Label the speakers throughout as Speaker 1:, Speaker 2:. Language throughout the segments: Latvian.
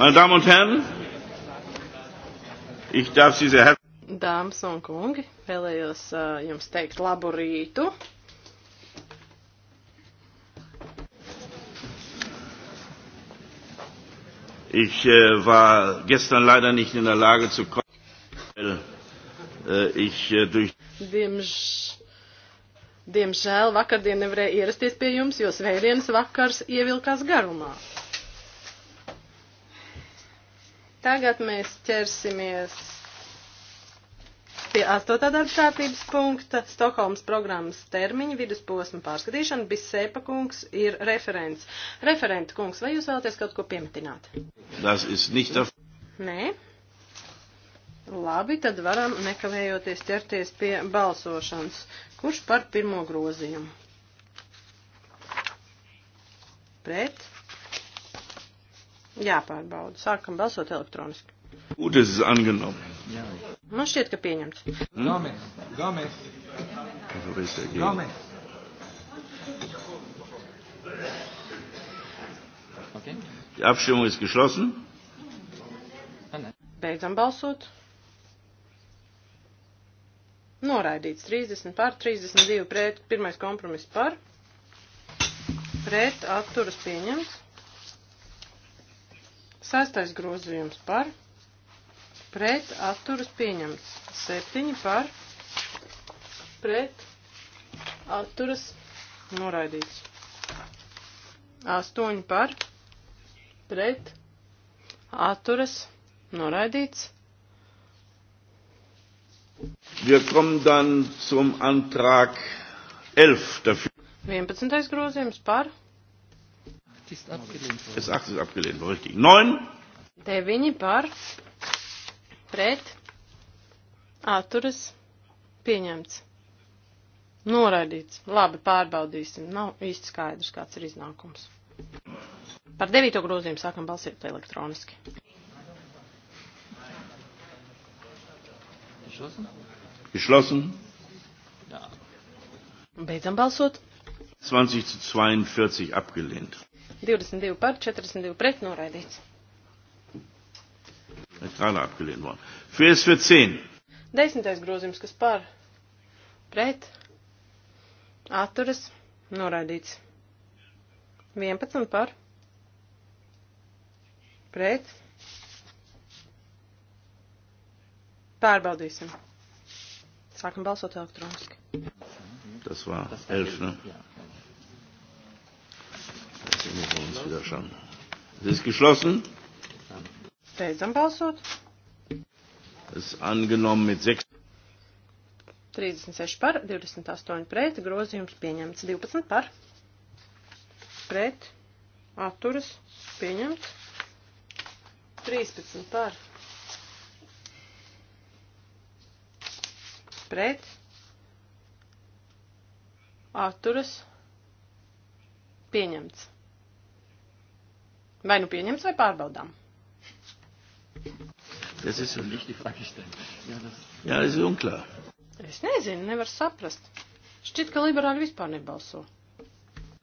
Speaker 1: Meine Damen und Herren, ich darf Sie sehr herzlich.
Speaker 2: Dāmas un kungi, vēlējos uh, jums teikt labu rītu.
Speaker 1: Ich äh, war gestern leider nicht in der Lage zu kommen, weil äh, ich äh, durch.
Speaker 2: Diemž... Diemžēl vakardien nevarēju ierasties pie jums, jo svētdienas vakars ievilkās garumā. Tagad mēs ķersimies pie 8. darba kārtības punkta - Stokholmas programmas termiņa vidusposma pārskatīšana. Bisēpa kungs ir referents. Referenta kungs, vai jūs vēlaties kaut ko piemetināt?
Speaker 1: Tas ir nihta.
Speaker 2: Nē. Labi, tad varam nekavējoties ķerties pie balsošanas. Kurš par pirmo grozījumu? Pret? Jāpārbauda. Sākam balsot elektroniski.
Speaker 1: Ūdens ir angenommen.
Speaker 2: Man šķiet, ka pieņemts.
Speaker 3: Gomes. Gomes. Gomes.
Speaker 1: Die Abstimmung ist geschlossen.
Speaker 2: Ah, Beidzam balsot. Noraidīts 30 pār, 32 pret, pirmais kompromiss par, pret, atturas pieņemts. Sastais grozījums par, pret atturas pieņemts. Septiņi par, pret atturas noraidīts. Astoņi par, pret atturas noraidīts.
Speaker 1: Wir kommen dann zum Antrag 11 dafür.
Speaker 2: 11. grozījums par
Speaker 1: ist abgelehnt worden. Es 8 ist abgelehnt worden, richtig. 9.
Speaker 2: 9 par, pret, atturas, pieņemts. Noraidīts. Labi, pārbaudīsim. Nav īsti skaidrs, kāds ir iznākums. Par devīto grozījumu sākam balsīt elektroniski. Geschlossen. Beidzam balsot.
Speaker 1: 20 zu 42 abgelehnt.
Speaker 2: 22 par, 42 pret noraidīts.
Speaker 1: Gerade abgelehnt worden. Für es für 10.
Speaker 2: Desmitais grozījums, kas par, pret, atturas, noraidīts. 11 par, pret, pārbaudīsim. Sākam balsot elektroniski.
Speaker 1: Tas var 11, ne? Die müssen wir uns wieder schauen. Es ist geschlossen.
Speaker 2: Beidzam balsot.
Speaker 1: Es ist angenommen mit 6.
Speaker 2: 36 par, 28 pret, grozījums pieņemts 12 par, pret, atturas, pieņemts 13 par, pret, atturas, pieņemts. Vai nu pieņems vai pārbaudām?
Speaker 1: Tas ir un nicht die Frage stellen. Ja, das, ja, das ist unklar.
Speaker 2: Es nezinu, nevar saprast. Šķiet, ka liberāļi vispār nebalso.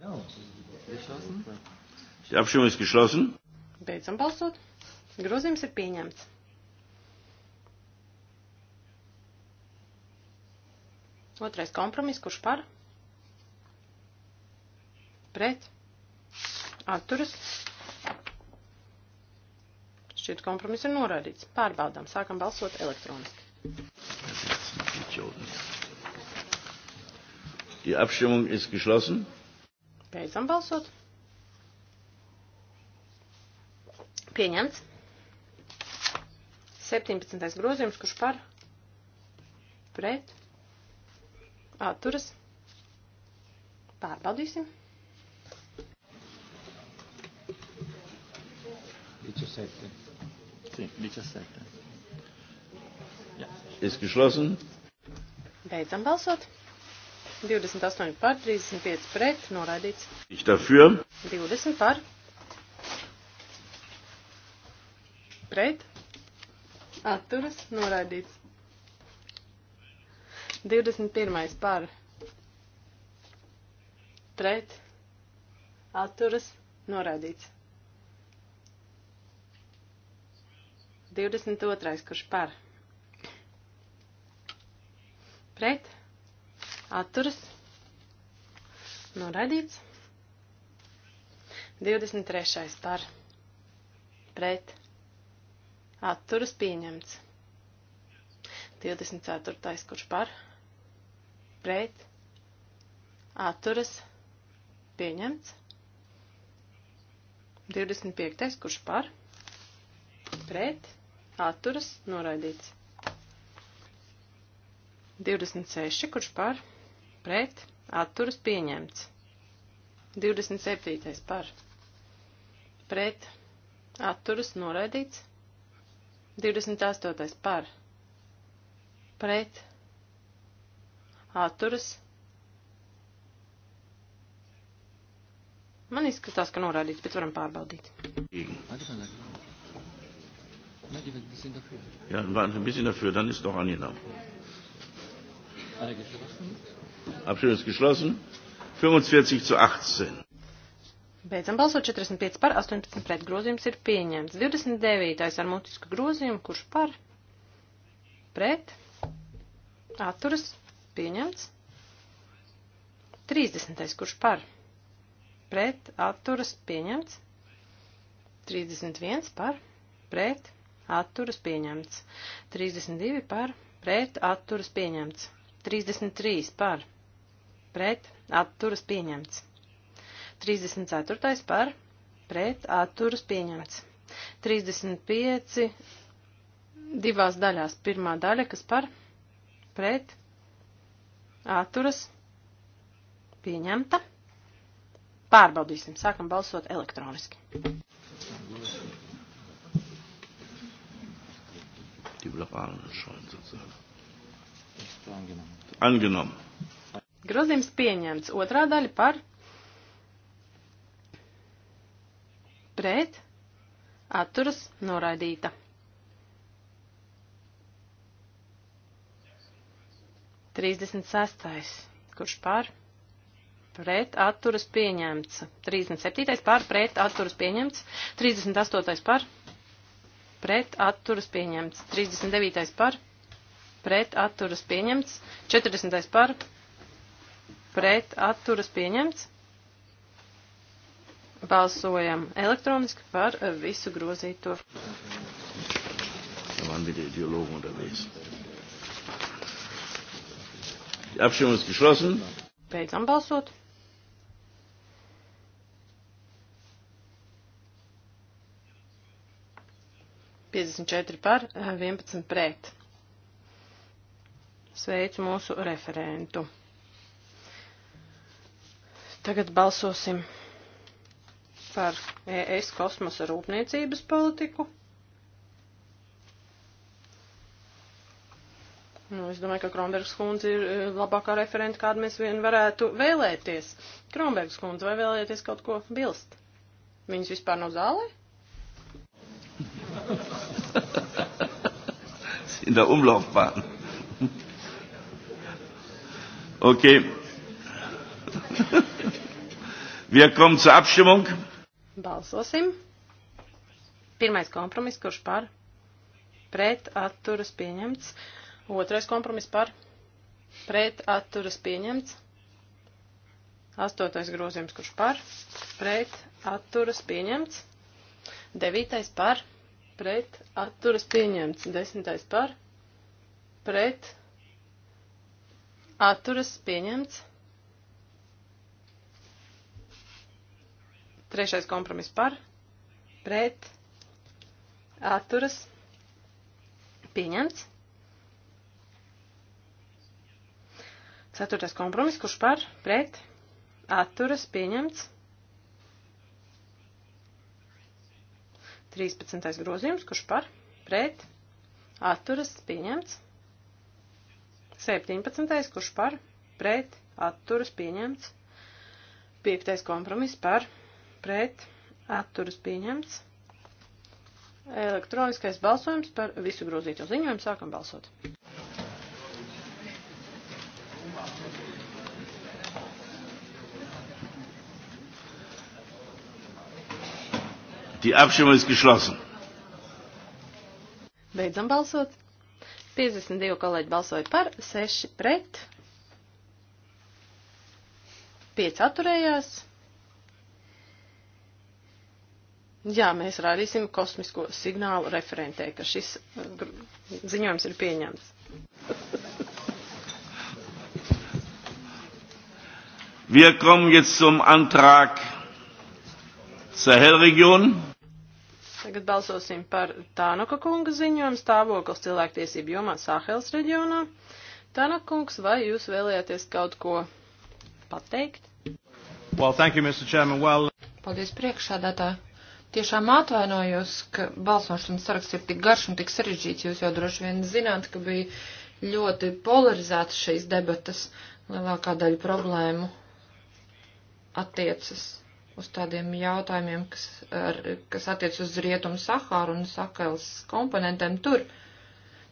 Speaker 2: Die
Speaker 1: Abstimmung ist geschlossen.
Speaker 2: Beidzam balsot. Grozījums ir pieņemts. Otrais kompromiss, kurš par? Pret. Atturas Šķiet, kompromiss ir noraidīts. Pārbaudām. Sākam balsot elektroniski.
Speaker 1: Die Abstimmung ist geschlossen.
Speaker 2: Beidzam balsot. Pieņemts. 17. grozījums, kurš par pret atturas. Pārbaudīsim.
Speaker 1: Viņš ir septiņi. Eh? Sì, 17. Ja. Ist geschlossen.
Speaker 2: Beidzam balsot. 28 par, 35 pret, noraidīts.
Speaker 1: Ich dafür.
Speaker 2: 20 par. Pret. Atturas, noraidīts. 21 par. Pret. Atturas, noraidīts. 22. kurš par pret atturas noraidīts. 23. par pret atturas pieņemts. 24. kurš par pret atturas pieņemts. 25. kurš par pret atturas noraidīts. 26, kurš par, pret, atturas pieņemts. 27. par, pret, atturas noraidīts. 28. par, pret, atturas. Man izskatās, ka norādīts, bet varam pārbaudīt.
Speaker 3: Na, die waren ein bisschen dafür.
Speaker 1: Ja, waren ein bisschen dafür, dann ist doch angenommen. Abstimmung ist geschlossen. 45 zu 18.
Speaker 2: Beidzam balsot 45 par, 18 pret grozījums ir pieņemts. 29. ar mutisku grozījumu, kurš par, pret, atturas, pieņemts. 30. kurš par, pret, atturas, pieņemts. 31 par, pret, atturas pieņemts. 32 par, pret, atturas pieņemts. 33 par, pret, atturas pieņemts. 34 par, pret, atturas pieņemts. 35 divās daļās. Pirmā daļa, kas par, pret, atturas pieņemta. Pārbaudīsim, sākam balsot elektroniski.
Speaker 1: Die Liberalen schon sozusagen. Angenommen.
Speaker 2: Grozījums pieņemts. Otrā daļa par. Pret. Atturas noraidīta. Trīsdesmit sestais. Kurš par? Pret atturas pieņemts. 37. par pret atturas pieņemts. 38. par pret atturas pieņemts. 39. par pret atturas pieņemts. 40. par pret atturas pieņemts. Balsojam elektroniski par eh, visu grozīto.
Speaker 1: Da waren wieder Ideologen unterwegs. Die Abstimmung ist geschlossen.
Speaker 2: Beidzam balsot. 54 par, 11 eh, pret. Sveicu mūsu referentu. Tagad balsosim par ES kosmosa rūpniecības politiku. Nu, es domāju, ka Kronbergs kundze ir eh, labākā referenta, kādu mēs vien varētu vēlēties. Kronbergs kundze, vai vēlēties kaut ko bilst? Viņas vispār nav no zālē?
Speaker 1: in der Umlaufbahn. Okay. Wir kommen zur Abstimmung.
Speaker 2: Balsosim. Pirmais kompromiss, kurš par pret atturas pieņemts. Otrais kompromiss par pret atturas pieņemts. Astotais grozījums, kurš par pret atturas pieņemts. Devītais par pret pret atturas pieņemts. Desmitais par pret atturas pieņemts. Trešais kompromiss par pret atturas pieņemts. Ceturtais kompromiss, kurš par pret atturas pieņemts. 13. grozījums, kurš par, pret, atturas, pieņemts. 17. kurš par, pret, atturas, pieņemts. 5. kompromiss par, pret, atturas, pieņemts. Elektroniskais balsojums par visu grozīto ziņojumu sākam balsot.
Speaker 1: Die Abstimmung ist geschlossen.
Speaker 2: Beidzam balsot. 52 kolēģi balsoja par, 6 pret, 5 atturējās. Jā, mēs rādīsim kosmisko signālu referentē, ka šis eh, ziņojums ir pieņemts.
Speaker 1: Wir kommen jetzt zum Antrag Sahelregion.
Speaker 2: Tagad balsosim par Tānoka kunga ziņojumu stāvoklis cilvēktiesību jomā Sāhels reģionā. Tānoka kungs, vai jūs vēlējāties kaut ko pateikt? Well, thank you, Mr. Chairman. Well...
Speaker 3: Paldies priekšādātā. Tiešām atvainojos, ka balsošanas saraksts ir tik garš un tik sarežģīts. Jūs jau droši vien zināt, ka bija ļoti polarizētas šīs debatas. Lielākā daļa problēmu attiecas uz tādiem jautājumiem, kas, ar, kas attiec uz rietumu Sahāru un Sakels komponentiem tur.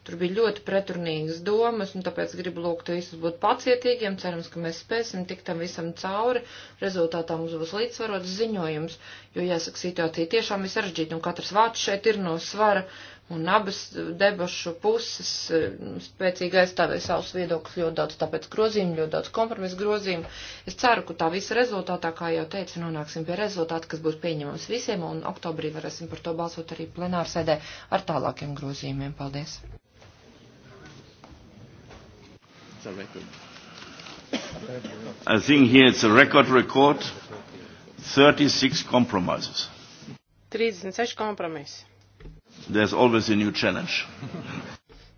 Speaker 3: Tur bija ļoti pretrunīgas domas, un tāpēc gribu lūgt visus būt pacietīgiem. Cerams, ka mēs spēsim tikt tam visam cauri. Rezultātā mums būs līdzsvarots ziņojums, jo, jāsaka, situācija tiešām ir sarežģīta, un katrs vārds šeit ir no svara. Uh, Un abas debašu puses eh, spēcīgi aizstāvēja savus viedokļus ļoti daudz, tāpēc grozījumu, ļoti daudz kompromisu grozījumu. Es ceru, ka tā visa rezultātā, kā jau teicu, nonāksim pie rezultāta, kas būs pieņemams visiem, un oktobrī varēsim par to balsot arī plenārsēdē ar tālākiem grozījumiem. Paldies!
Speaker 1: It's a record. I think here it's a record record. 36 compromises.
Speaker 2: 36 kompromisi.
Speaker 1: There's always a new challenge.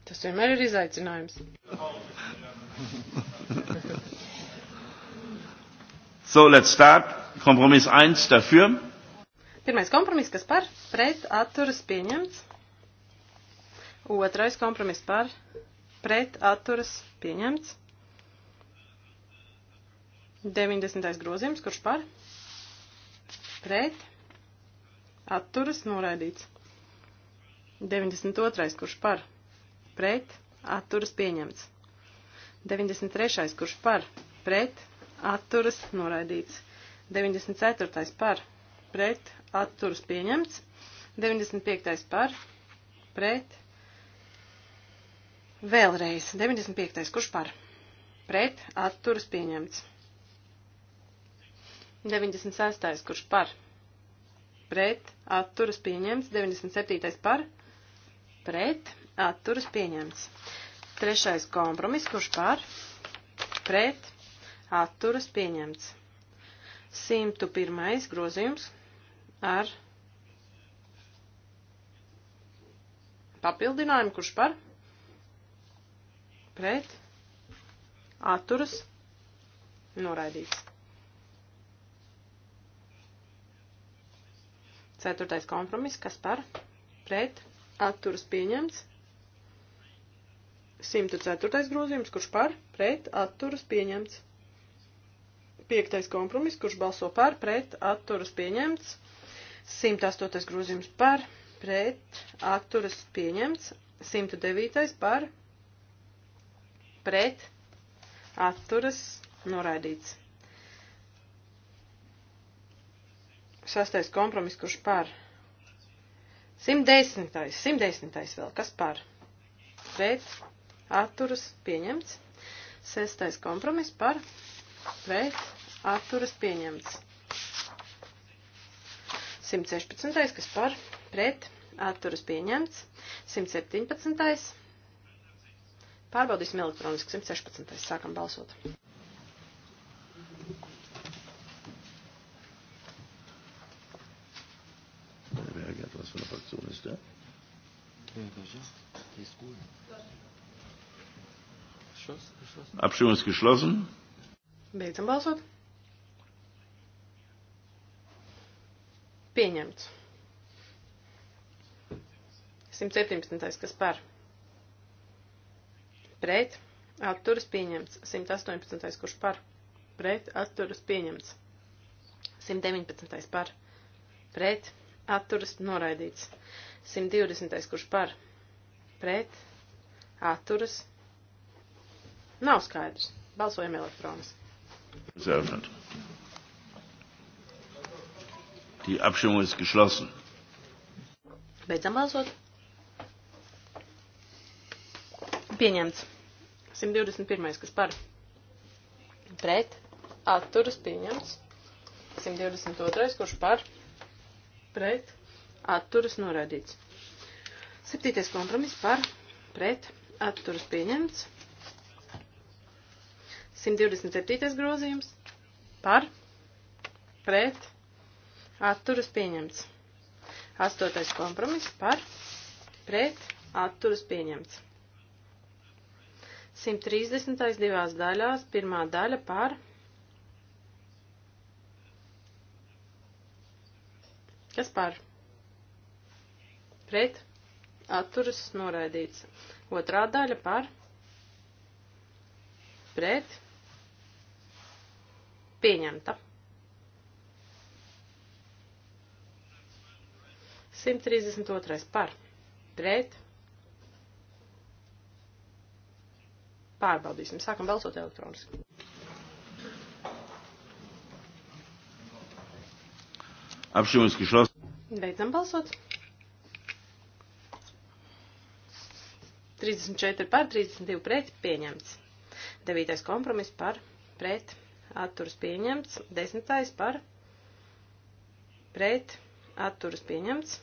Speaker 2: Tas vienmēr ir izaicinājums.
Speaker 1: so, let's start. Kompromiss 1 dafür.
Speaker 2: Pirmais kompromiss, kas par pret atturas pieņemts. Otrais kompromiss par pret atturas pieņemts. 90. grozījums, kurš par pret atturas noraidīts. 92. kurš par, pret, atturas pieņemts. 93. kurš par, pret, atturas noraidīts. 94. par, pret, atturas pieņemts. 95. par, pret, vēlreiz. 95. kurš par, pret, atturas pieņemts. 96. kurš par, pret, atturas pieņemts. 97. par, pret pret, atturas pieņemts. Trešais kompromis, kurš par, pret, atturas pieņemts. 101. grozījums ar papildinājumu, kurš par, pret, atturas, noraidīts. Ceturtais kompromiss, kas par, pret, atturas pieņemts. 104. grozījums, kurš par, pret, atturas pieņemts. 5. kompromiss, kurš balso par, pret, atturas pieņemts. 108. grozījums par, pret, atturas pieņemts. 109. par, pret, atturas noraidīts. 6. kompromiss, kurš par, pret 110. 110. vēl kas par pret atturas pieņemts. Sestais kompromiss par pret atturas pieņemts. 116. kas par pret atturas pieņemts. 117. Pārbaudīsim elektroniski 116. Sākam balsot.
Speaker 1: Abstimmung ist geschlossen.
Speaker 2: Beidzam balsot. Pieņemts. 117. kas par. Pret. Atturas pieņemts. 118. kurš par. Pret. Atturas pieņemts. 119. par. Pret. Atturas noraidīts. 120. kurš par pret, atturas, nav skaidrs. Balsojam elektroniski. Ist eröffnet.
Speaker 1: Die Abstimmung ist geschlossen.
Speaker 2: Beidzam balsot. Pieņemts. 121. kas par. Pret. Atturas pieņemts. 122. kurš par. Pret. Atturas noraidīts. Septītais kompromiss par pret atturas pieņemts. 127. grozījums par pret atturas pieņemts. Astotais kompromiss par pret atturas pieņemts. 130. divās daļās, pirmā daļa par kas par pret atturas noraidīts. Otrā daļa par pret pieņemta. 132. par pret pārbaudīsim. Sākam balsot elektroniski.
Speaker 1: Apšīmēs, ka šos.
Speaker 2: Beidzam balsot. 34 par, 32 pret, pieņemts. 9. kompromiss par, pret, atturas pieņemts. 10. par, pret, atturas pieņemts.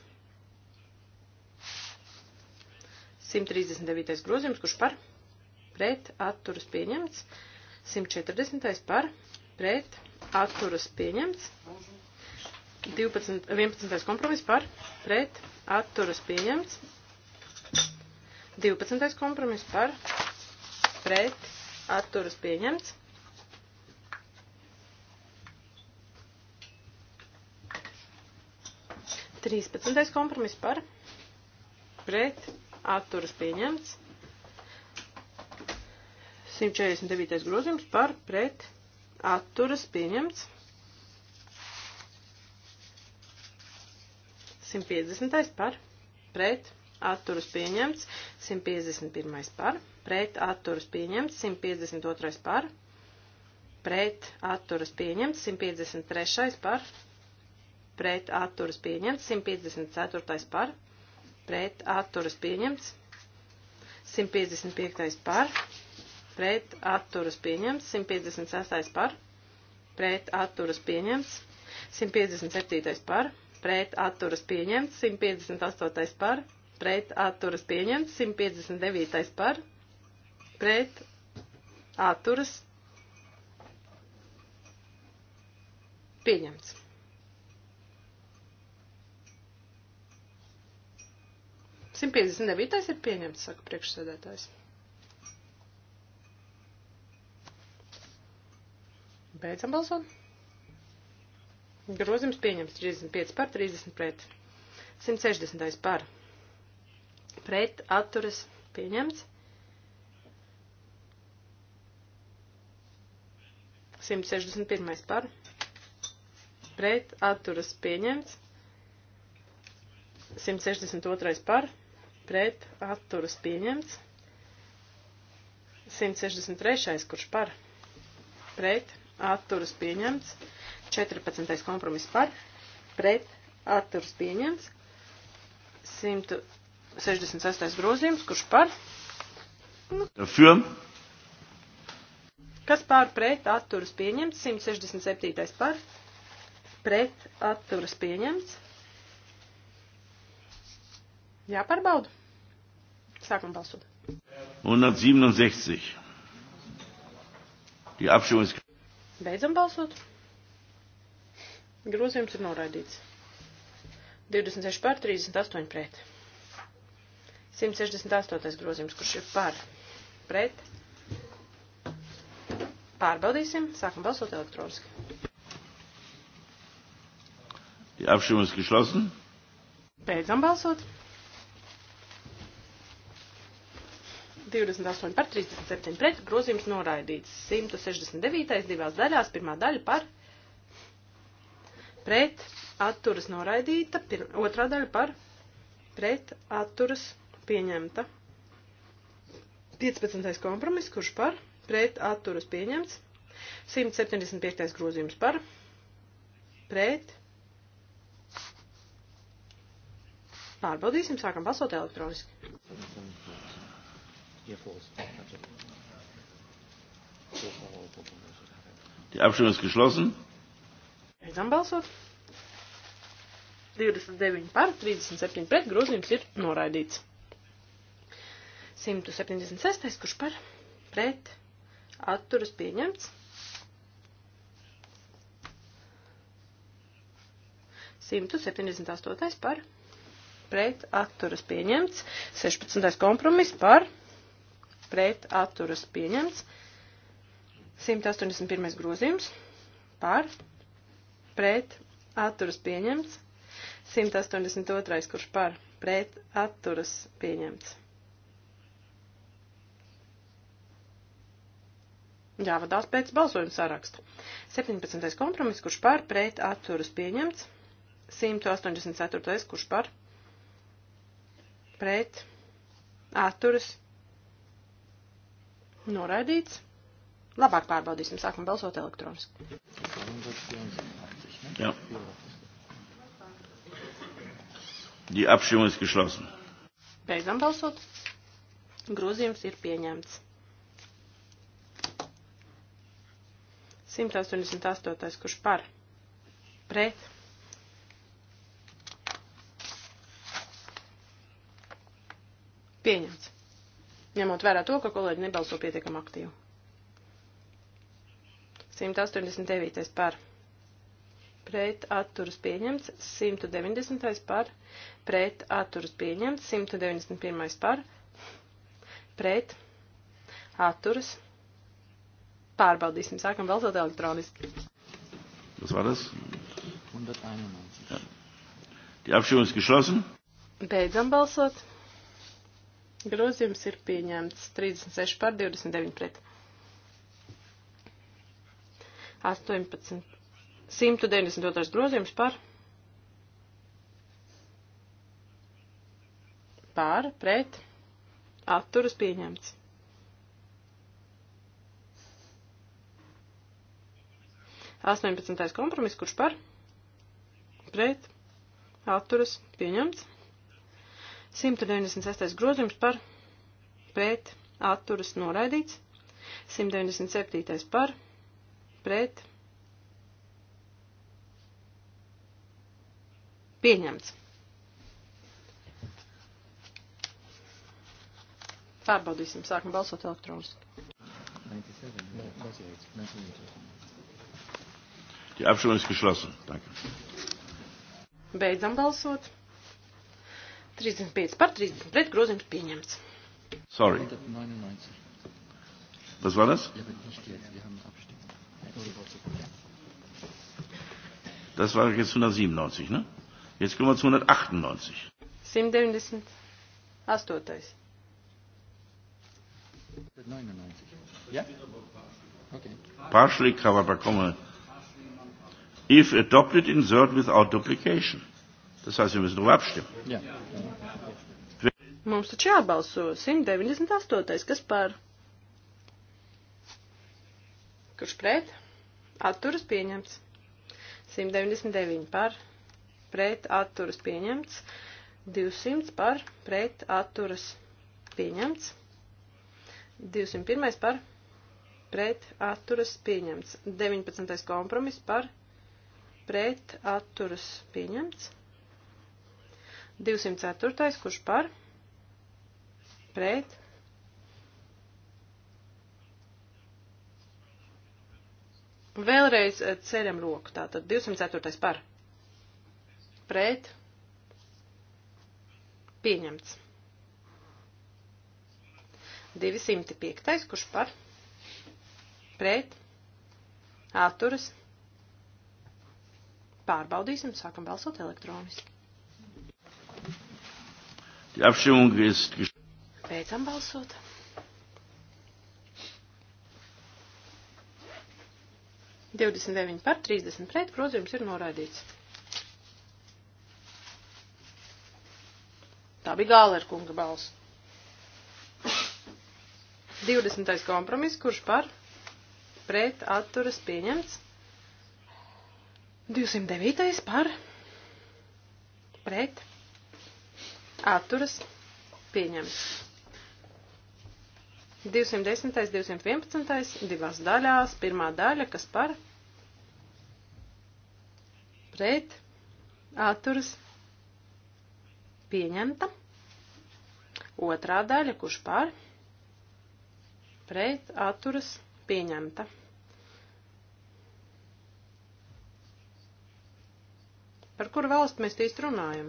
Speaker 2: 139. grozījums, kurš par, pret, atturas pieņemts. 140. par, pret, atturas pieņemts. 12, 11. kompromiss par, pret, atturas pieņemts. 12. kompromis par pret atturas pieņemts. 13. kompromis par pret atturas pieņemts. 149. grozījums par pret atturas pieņemts. 150. par pret atturas pieņemts, 151 par, pret atturas pieņemts, 152 par, pret atturas pieņemts, 153 par, pret atturas pieņemts, 154 par, pret atturas pieņemts, 155 par, pret atturas pieņemts, 156 par, pret atturas pieņemts, 157 par, pret atturas pieņemts, 158 par, pret atturas pieņemts, 159. par pret atturas pieņemts. Simt piecdesmit devītais ir pieņemts, saka priekšsēdētājs. Beidzam balsot. Grozījums pieņems 35 par 30 pret. 160 par pret atturas pieņemts. 161. par pret atturas pieņemts. 162. par pret atturas pieņemts. 163. kurš par pret atturas pieņemts. 14. kompromiss par pret atturas pieņemts. 100. 66. grozījums, kurš par? Dafür. Kas pār pret atturas pieņemts? 167. par. Pret atturas pieņemts. Jāpārbauda. Sākam balsot.
Speaker 1: 167. Die Abstimmung ist.
Speaker 2: Beidzam balsot. Grozījums ir noraidīts. 26 pār 38 pret. 168. grozījums, kurš ir par pret. Pārbaudīsim, sākam balsot elektroniski.
Speaker 1: Die Abstimmung ist geschlossen.
Speaker 2: Beidzam balsot. 28 par 37 pret, grozījums noraidīts. 169. divās daļās, pirmā daļa par pret, atturas noraidīta, pir, otrā daļa par pret, atturas noraidīta pieņemta. 15. kompromiss, kurš par, pret atturas pieņemts. 175. grozījums par, pret. Pārbaudīsim, sākam balsot elektroniski.
Speaker 1: Die Abstimmung ist geschlossen.
Speaker 2: Beidzam balsot. 29 par, 37 pret, grozījums ir noraidīts. 176. kurš par pret atturas pieņemts. 178. par pret atturas pieņemts. 16. kompromis par pret atturas pieņemts. 181. grozījums par pret atturas pieņemts. 182. kurš par pret atturas pieņemts. jāvadās pēc balsojuma saraksta. 17. kompromiss, kurš par pret atturas pieņemts. 184. kurš par pret atturas noraidīts. Labāk pārbaudīsim, sākam balsot elektroniski.
Speaker 1: Ja. Die Abstimmung ist geschlossen.
Speaker 2: Beidzam balsot. Grozījums ir pieņemts. 188. kurš par pret. Pieņemts. Ņemot vērā to, ka kolēģi nebalso pietiekam aktīvi. 189. par pret atturas pieņemts, 190. par pret atturas pieņemts, 191. par pret atturas pieņemts Pārbaudīsim, sākam balsot elektroniski.
Speaker 1: Tas var tas? 191. Ja. Die Abstimmung ist geschlossen.
Speaker 2: Beidzam balsot. Grozījums ir pieņemts 36 par 29 pret. 18. 192. grozījums par. Pār, pret, atturas pieņemts. 18. kompromiss, kurš par, pret, atturas, pieņemts. 196. grozījums par, pret, atturas, noraidīts. 197. par, pret, pieņemts. Pārbaudīsim, sākam balsot elektroniski.
Speaker 3: 97, 98, 98.
Speaker 1: Die Abstimmung ist geschlossen. Danke.
Speaker 2: Beidzam balsot. 35 par 30 pret grozījums pieņemts.
Speaker 1: Sorry. Was war das? Das war jetzt 197, ne? Jetzt kommen wir zu 198.
Speaker 2: 198.
Speaker 1: 199. Ja? Okay. Partially covered, aber kommen wir if adopted, insert without duplication. Tas heißt, wir müssen darüber abstimmen. Ja.
Speaker 2: Mums taču jābalso 198. Kas par? Kurš pret? Atturas pieņemts. 199 par. Pret atturas pieņemts. 200 par. Pret atturas pieņemts. 201 par. Pret atturas pieņemts. 19. kompromiss par pret atturas pieņemts. 204. kurš par pret Vēlreiz eh, ceļam roku, tātad 204. par pret pieņemts. 205. kurš par pret atturas pieņemts Pārbaudīsim, sākam balsot elektroniski.
Speaker 1: Die Abstimmung ist
Speaker 2: Beidzam balsot. Divdesmit deviņi par, trīsdesmit pret, grozījums ir noraidīts. Tā bija gāla ar kunga balsu. Divdesmitais kompromiss, kurš par, pret, atturas pieņemts. 209. par pret atturas pieņemts. 210. 211. divās daļās, pirmā daļa, kas par pret atturas pieņemta. Otrā daļa, kurš par pret atturas pieņemta. Par kuru valstu mēs īsti runājam?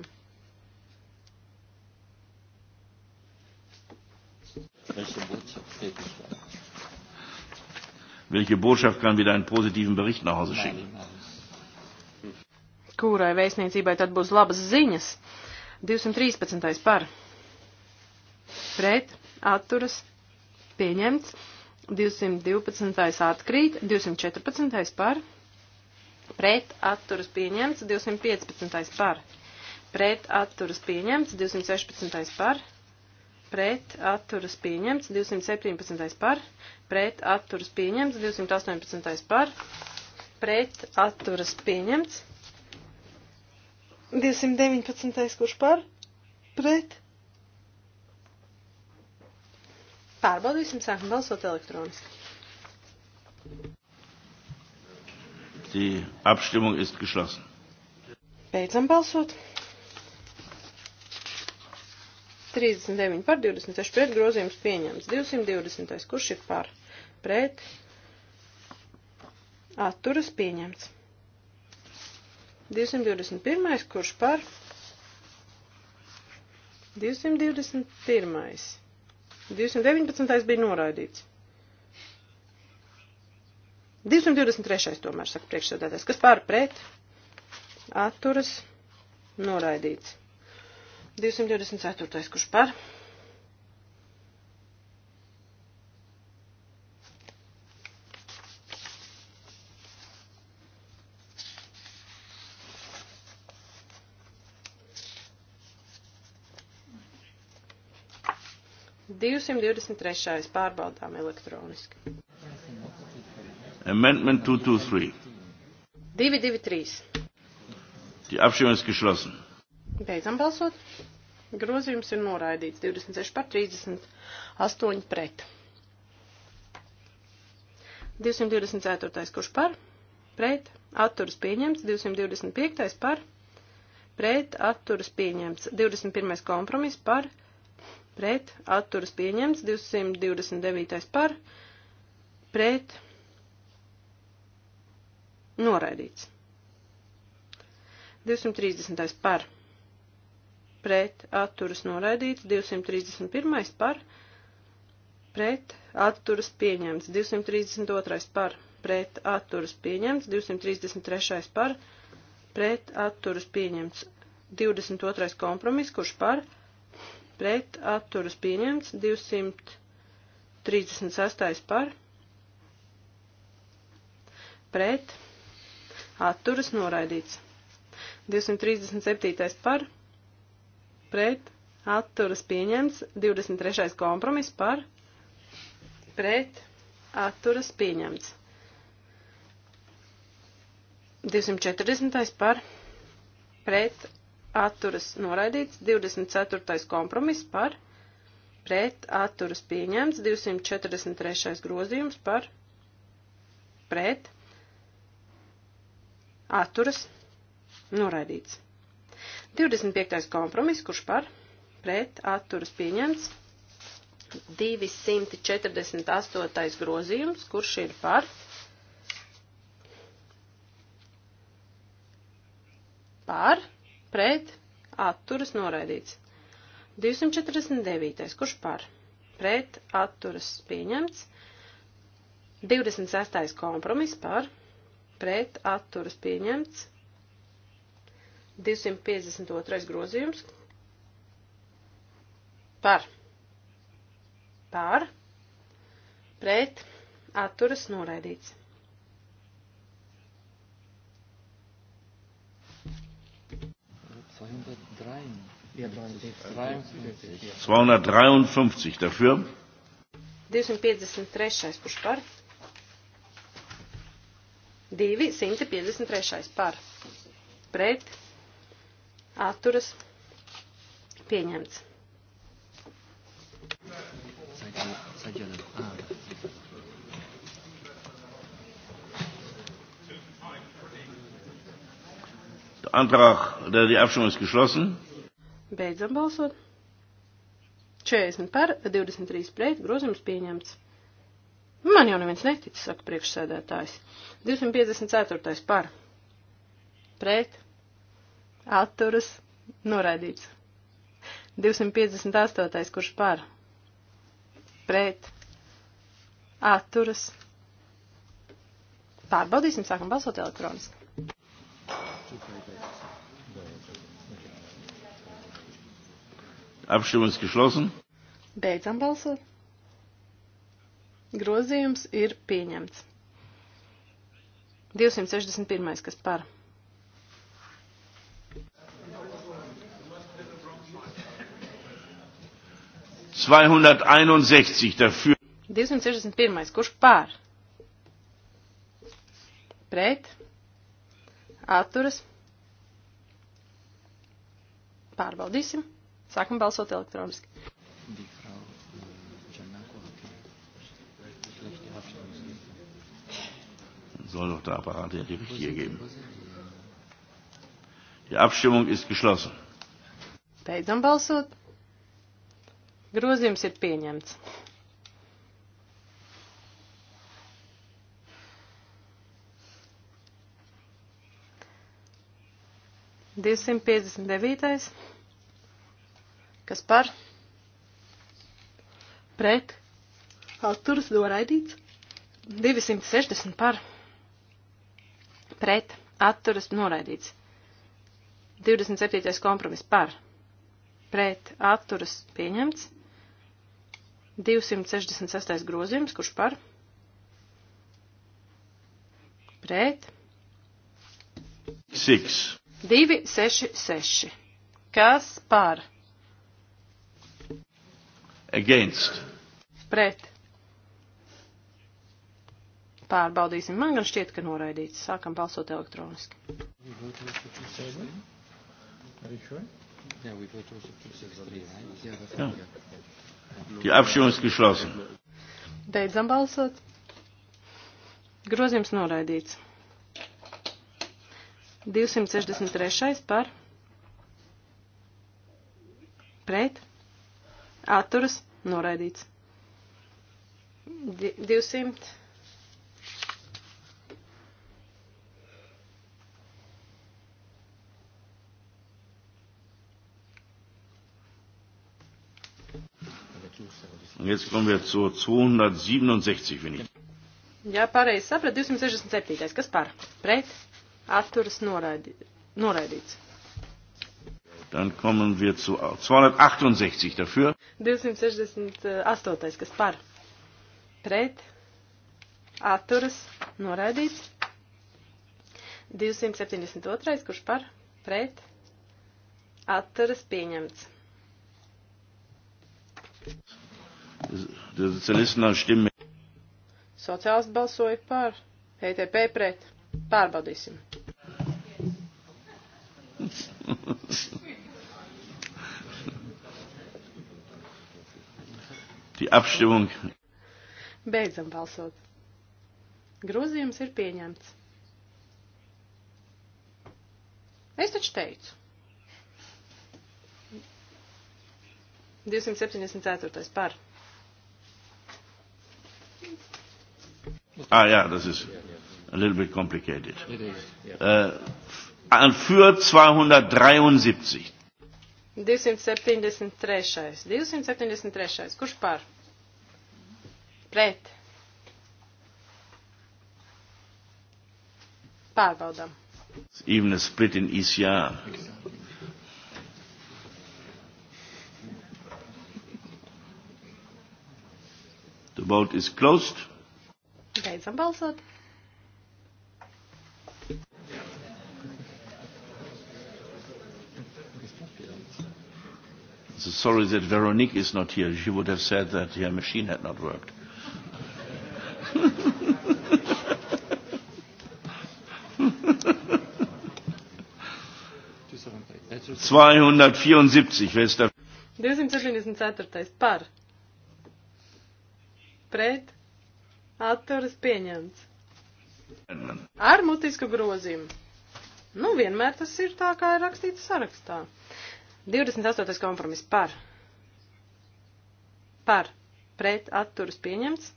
Speaker 1: Welche Botschaft kann wieder einen positiven Bericht nach Hause schicken?
Speaker 2: Kurai vēstniecībai tad būs labas ziņas? 213. par. Pret, atturas, pieņemts. 212. atkrīt, 214. par pret atturas pieņemts 215. par, pret atturas pieņemts 216. par, pret atturas pieņemts 217. par, pret atturas pieņemts 218. par, pret atturas pieņemts 219. kurš par, pret. Pārbaudīsim, sākam balsot elektroniski.
Speaker 1: Die Abstimmung ist geschlossen.
Speaker 2: Beidzam balsot. 39 par 26 pret grozījums pieņemts. 220. Kurš ir par? Pret. Atturas pieņemts. 221. Kurš par? 221. 219. bija noraidīts. 223. tomēr saka priekšsēdētājs, kas pār pret atturas noraidīts. 224. kurš par? Divsimt divdesmit trešais pārbaudām elektroniski.
Speaker 1: Amendment 223.
Speaker 2: 223.
Speaker 1: Die Abstimmung ist geschlossen.
Speaker 2: Beidzam balsot. Grozījums ir noraidīts 26 par 38 pret. 224. kurš par? Pret. Atturas pieņemts. 225. par? Pret. Atturas pieņemts. 21. kompromis par? Pret. Atturas pieņemts. 229. par? Pret Noraidīts. 230. par pret atturas noraidīts, 231. par pret atturas pieņemts, 232. par pret atturas pieņemts, 233. par pret atturas pieņemts, 22. kompromiss, kurš par pret atturas pieņemts, 236. par pret atturas noraidīts. 237. par, pret, atturas pieņemts. 23. kompromiss par, pret, atturas pieņemts. 240. par, pret, atturas noraidīts. 24. kompromiss par, pret, atturas pieņemts. 243. grozījums par, pret, atturas pieņemts atturas, noraidīts. 25. kompromiss, kurš par, pret, atturas pieņemts. 248. grozījums, kurš ir par, par, pret, atturas noraidīts. 249. kurš par, pret, atturas pieņemts. 26. kompromiss par, pret atturas pieņemts. 252. grozījums par, par, pret atturas noraidīts.
Speaker 3: Ja, 253
Speaker 1: dafür.
Speaker 2: 253. Kurš par? 253. par pret atturas pieņemts.
Speaker 1: Antrag, der die Abstimmung ist geschlossen.
Speaker 2: Beidzam balsot. 40 par, 23 pret, grozījums pieņemts. Man jau neviens netic, saka priekšsēdētājs. 254. par. Pret. Atturas. Noraidīts. 258. kurš par. Pret. Atturas. Pārbaudīsim, sākam balsot elektroniski.
Speaker 1: Abstimmung ist geschlossen.
Speaker 2: Beidzam balsot. Grozījums ir pieņemts. 261. kas par. Dafür. 261. Kurš pār? Pret? Atturas? Pārbaudīsim. Sākam balsot elektroniski.
Speaker 1: Divi. soll doch der Apparat ja die richtige geben. Die Abstimmung ist geschlossen.
Speaker 2: Beidzam balsot. Grozījums ir pieņemts. Divsimt piecdesmit devītais. Kas par? Pret. Atturas noraidīts. 260 par pret atturas noraidīts. 27. kompromis par pret atturas pieņemts. 266. grozījums, kurš par pret 6. 266. Kas par?
Speaker 1: Against. Pret
Speaker 2: Pārbaudīsim. Man gan šķiet, ka noraidīts. Sākam balsot elektroniski.
Speaker 3: Die Abstimmung ist geschlossen.
Speaker 2: Beidzam balsot. Grozījums noraidīts. 263 par pret atturas noraidīts. 200
Speaker 1: Un jetzt kommen wir zu 267, wenn ich.
Speaker 2: Jā, pareizi saprat, 267. Kas par? Pret? Atturas noraidi, noraidīts.
Speaker 1: Dann kommen wir zu 268 dafür.
Speaker 2: 268. Kas par? Pret? Atturas noraidīts. 272. Kurš par? Pret? Atturas pieņemts.
Speaker 1: Die Sozialisten haben Stimmen.
Speaker 2: Sociālisti balsoja par, ETP pret. Pārbaudīsim.
Speaker 1: Die Abstimmung.
Speaker 2: Beidzam balsot. Grozījums ir pieņemts. Es taču teicu. 274. par.
Speaker 1: Ah ja, das ist a little bit complicated. Äh, für 273.
Speaker 2: 273. 273. Kurš par? Pret. Pārbaudam.
Speaker 1: It's even a split in ECR. The vote is closed.
Speaker 2: Beidzam balsot.
Speaker 1: So sorry that Veronique is not here. She would have said that her machine had not worked. Zweihundertvierundsiebzig, wer ist dafür?
Speaker 2: 274. par. Pret atturas pieņemts. Ar mutisku grozījumu. Nu, vienmēr tas ir tā, kā ir rakstīts sarakstā. 28. kompromiss par. Par. Pret atturas pieņemts.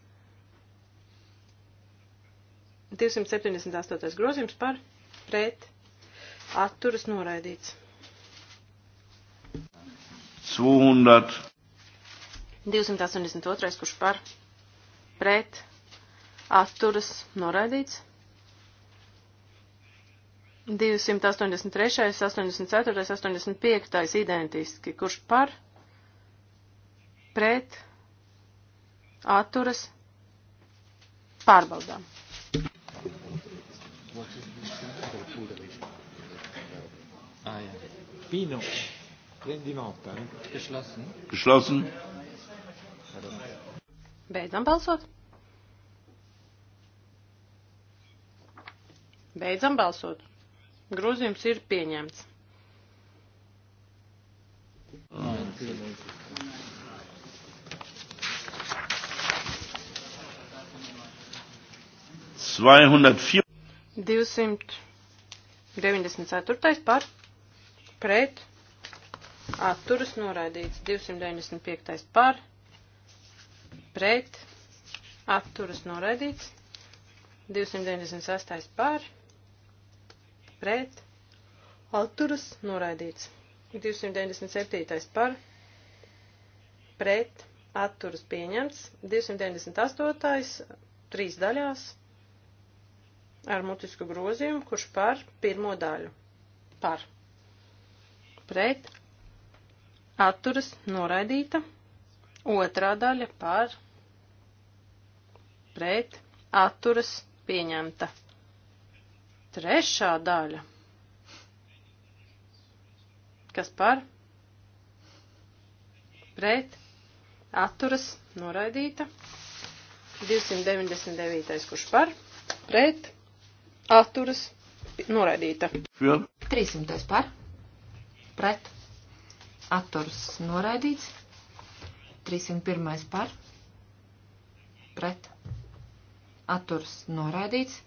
Speaker 2: 278. grozījums par. Pret atturas noraidīts.
Speaker 1: 200.
Speaker 2: 282. kurš par. Pret atturas noraidīts. 283, 84, 85 identiski, kurš par, pret, atturas, pārbaudām.
Speaker 3: Ah, Pino, prendi nota. Eh? Geschlossen.
Speaker 1: Geschlossen.
Speaker 2: Beidzam balsot. Beidzam balsot. Grozījums ir pieņemts. Divsimt deviņdesmit ceturtais par pret atturas noraidīts. Divsimt deviņdesmit piektais par pret atturas noraidīts. 298 par pret, atturas noraidīts. 297. par, pret, atturas pieņemts. 298. trīs daļās ar mutisku grozījumu, kurš par pirmo daļu. Par. Pret, atturas noraidīta. Otrā daļa par, pret, atturas pieņemta. Trešā daļa. Kas par? Pret. Atturas noraidīta. 299. kurš par? Pret. Atturas
Speaker 3: noraidīta. Fjell. 300. par? Pret. Atturas noraidīts. 301. par? Pret. Atturas noraidīts.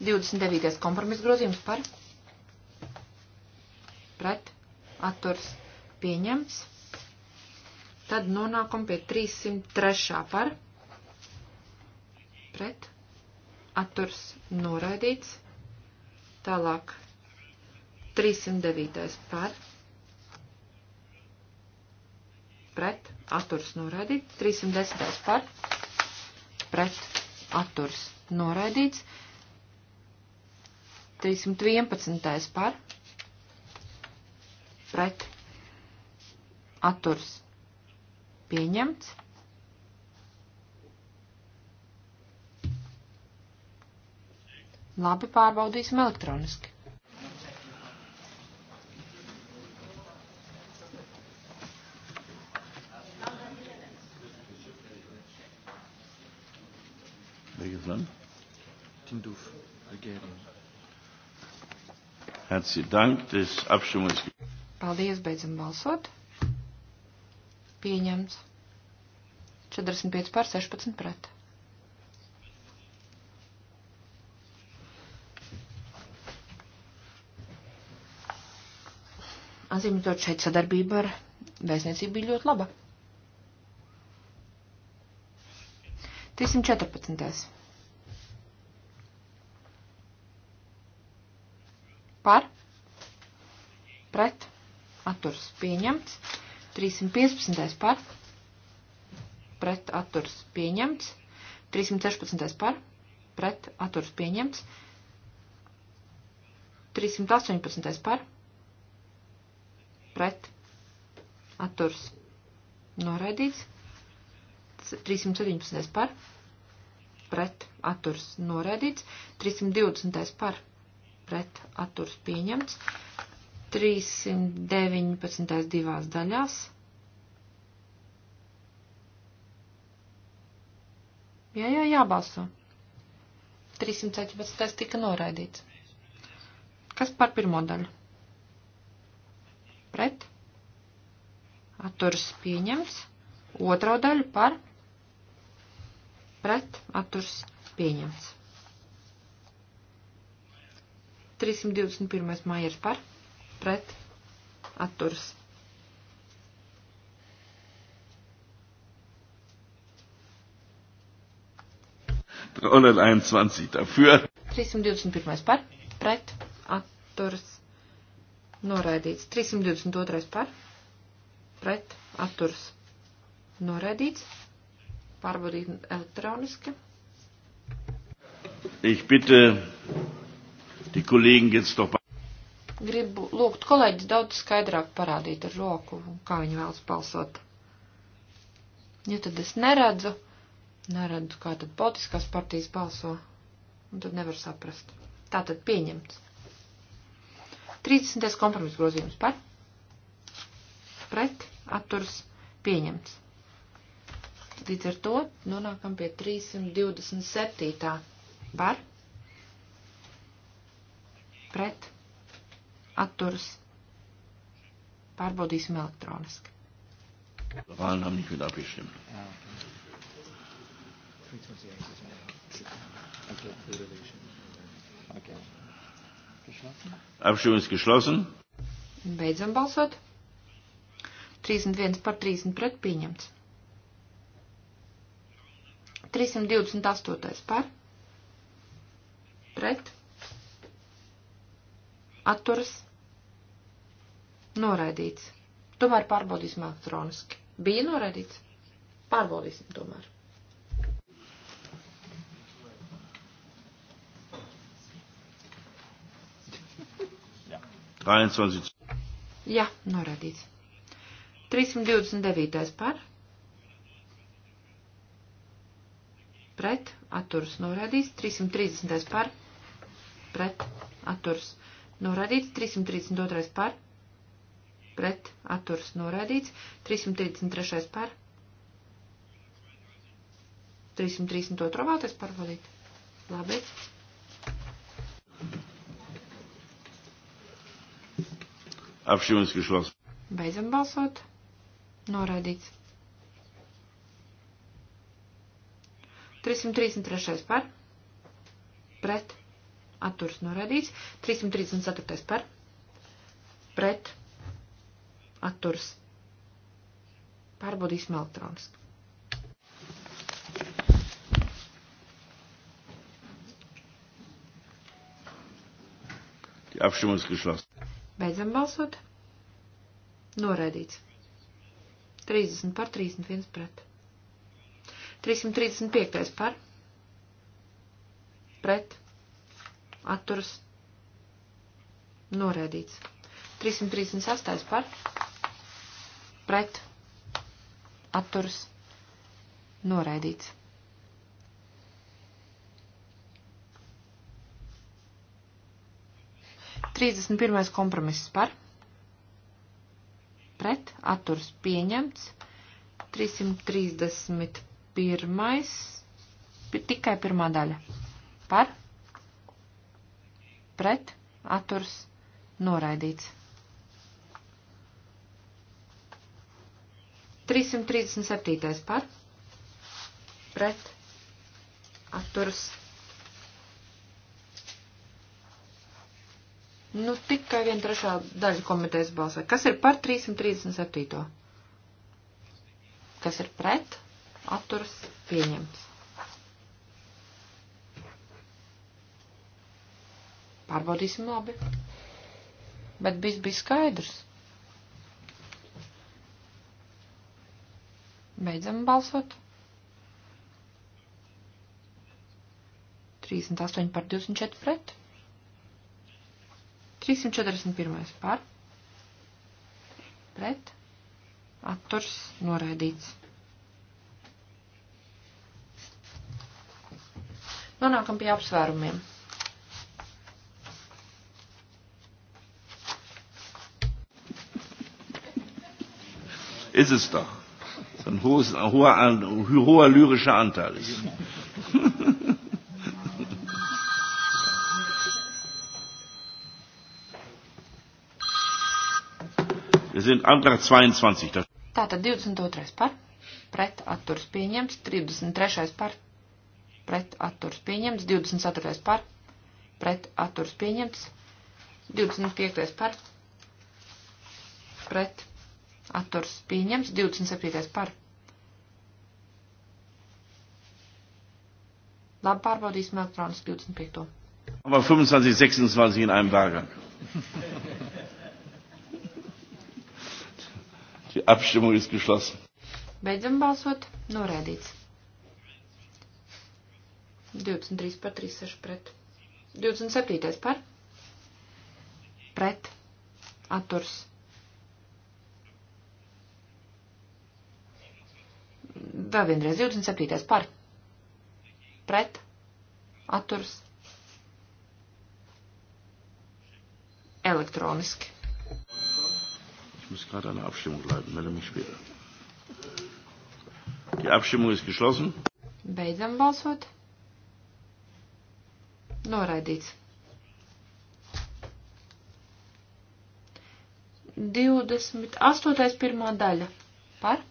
Speaker 3: 29. kompromiss grozījums par pret atturs pieņemts. Tad nonākam pie 303. par pret atturs noraidīts. Tālāk 309. par pret atturs noraidīts. 310. par pret atturs noraidīts. 311. par pret atturs pieņemts. Labi, pārbaudīsim elektroniski. Paldies, beidzam balsot. Pieņemts. 45 pār 16 pret. Atzīmot šeit sadarbība ar vēstniecību bija ļoti laba. 314. atturs pieņemts. 315. par pret atturs pieņemts. 316. par pret atturs pieņemts. 318. par pret atturs noraidīts. 317. par pret atturs noraidīts. 320. par pret atturs pieņemts. 319. divās daļās. Jā, jā, jābalso. 314. tika noraidīts. Kas par pirmo daļu? Pret. Atturs pieņems. Otro daļu par. Pret. Atturs pieņems. 321. mājers par pret atturas. Dafür. 321. par, pret, atturas, noraidīts. 322. par, pret, atturas, noraidīts. Pārbaudīt elektroniski.
Speaker 1: Ich bitte die Kollegen jetzt doch
Speaker 3: gribu lūgt kolēģis daudz skaidrāk parādīt ar roku, kā viņi vēlas balsot. Ja tad es neredzu, neredzu, kā tad politiskās partijas balso, un tad nevar saprast. Tā tad pieņemts. 30. kompromis grozījums par, pret, atturs, pieņemts. Līdz ar to nonākam pie 327. par, pret, atturas pārbaudīsim elektroniski.
Speaker 1: Wahlen haben nicht mit abgestimmt. Abstimmung ist geschlossen.
Speaker 3: Beidzam balsot. 31 par 30 pret pieņemts. 328 par pret atturas Noraidīts. Tomēr pārbaudīsim elektroniski. Bija noraidīts? Pārbaudīsim tomēr. Jā, noraidīts. 329. par. Pret. Atturs noraidīts. 330. par. Pret. Atturs noraidīts. 332. par pret atturas noraidīts, 333. par 332. vēlties parvalīt. Labi.
Speaker 1: Apšķirums geschlossen.
Speaker 3: Beidzam balsot. Noraidīts. 333. par pret atturas noraidīts, 334. par pret atturs. Pārbaudīsim elektroniski.
Speaker 1: Abstimmung ist geschlossen.
Speaker 3: Beidzam balsot. Noraidīts. 30 par 31 pret. 335 par. Pret. Atturas. Noraidīts. 338 par pret, atturas, noraidīts. Trīsdesmit pirmais kompromiss par, pret, atturas pieņemts, 331. Tikai pirmā daļa. Par, pret, atturas noraidīts. 337. par pret atturas. Nu, tikai viena trešā daļa komitejas balsē. Kas ir par 337? Kas ir pret? Atturas pieņemts. Pārbaudīsim labi. Bet viss bija skaidrs. Beidzam balsot. 38 par 24 pret. 341 par. Pret. Atturs noraidīts. Nonākam pie apsvērumiem.
Speaker 1: Ist es doch ein, hohes, ein hoher, ein hoher lyrischer Anteil ist. Wir sind Antrag 22.
Speaker 3: Tātad 22. par, pret atturs pieņemts, 33. par, pret atturs pieņemts, 24. par, pret atturs pieņemts, 25. par, pret atturs pieņemts, 27. par, Labi, pārbaudīsim elektroniski 25.
Speaker 1: Aber 25, 26 in einem Wahlgang. Die Abstimmung ist geschlossen.
Speaker 3: Beidzam balsot, norēdīts. 23 par 36 pret. 27. par. Pret. Atturs. Vēl vienreiz 27. par pret, atturs, elektroniski.
Speaker 1: Ich muss gerade an der Abstimmung bleiben, melde mich später. Die Abstimmung ist geschlossen.
Speaker 3: Beidzam balsot. Noraidīts. 28. pirmā daļa par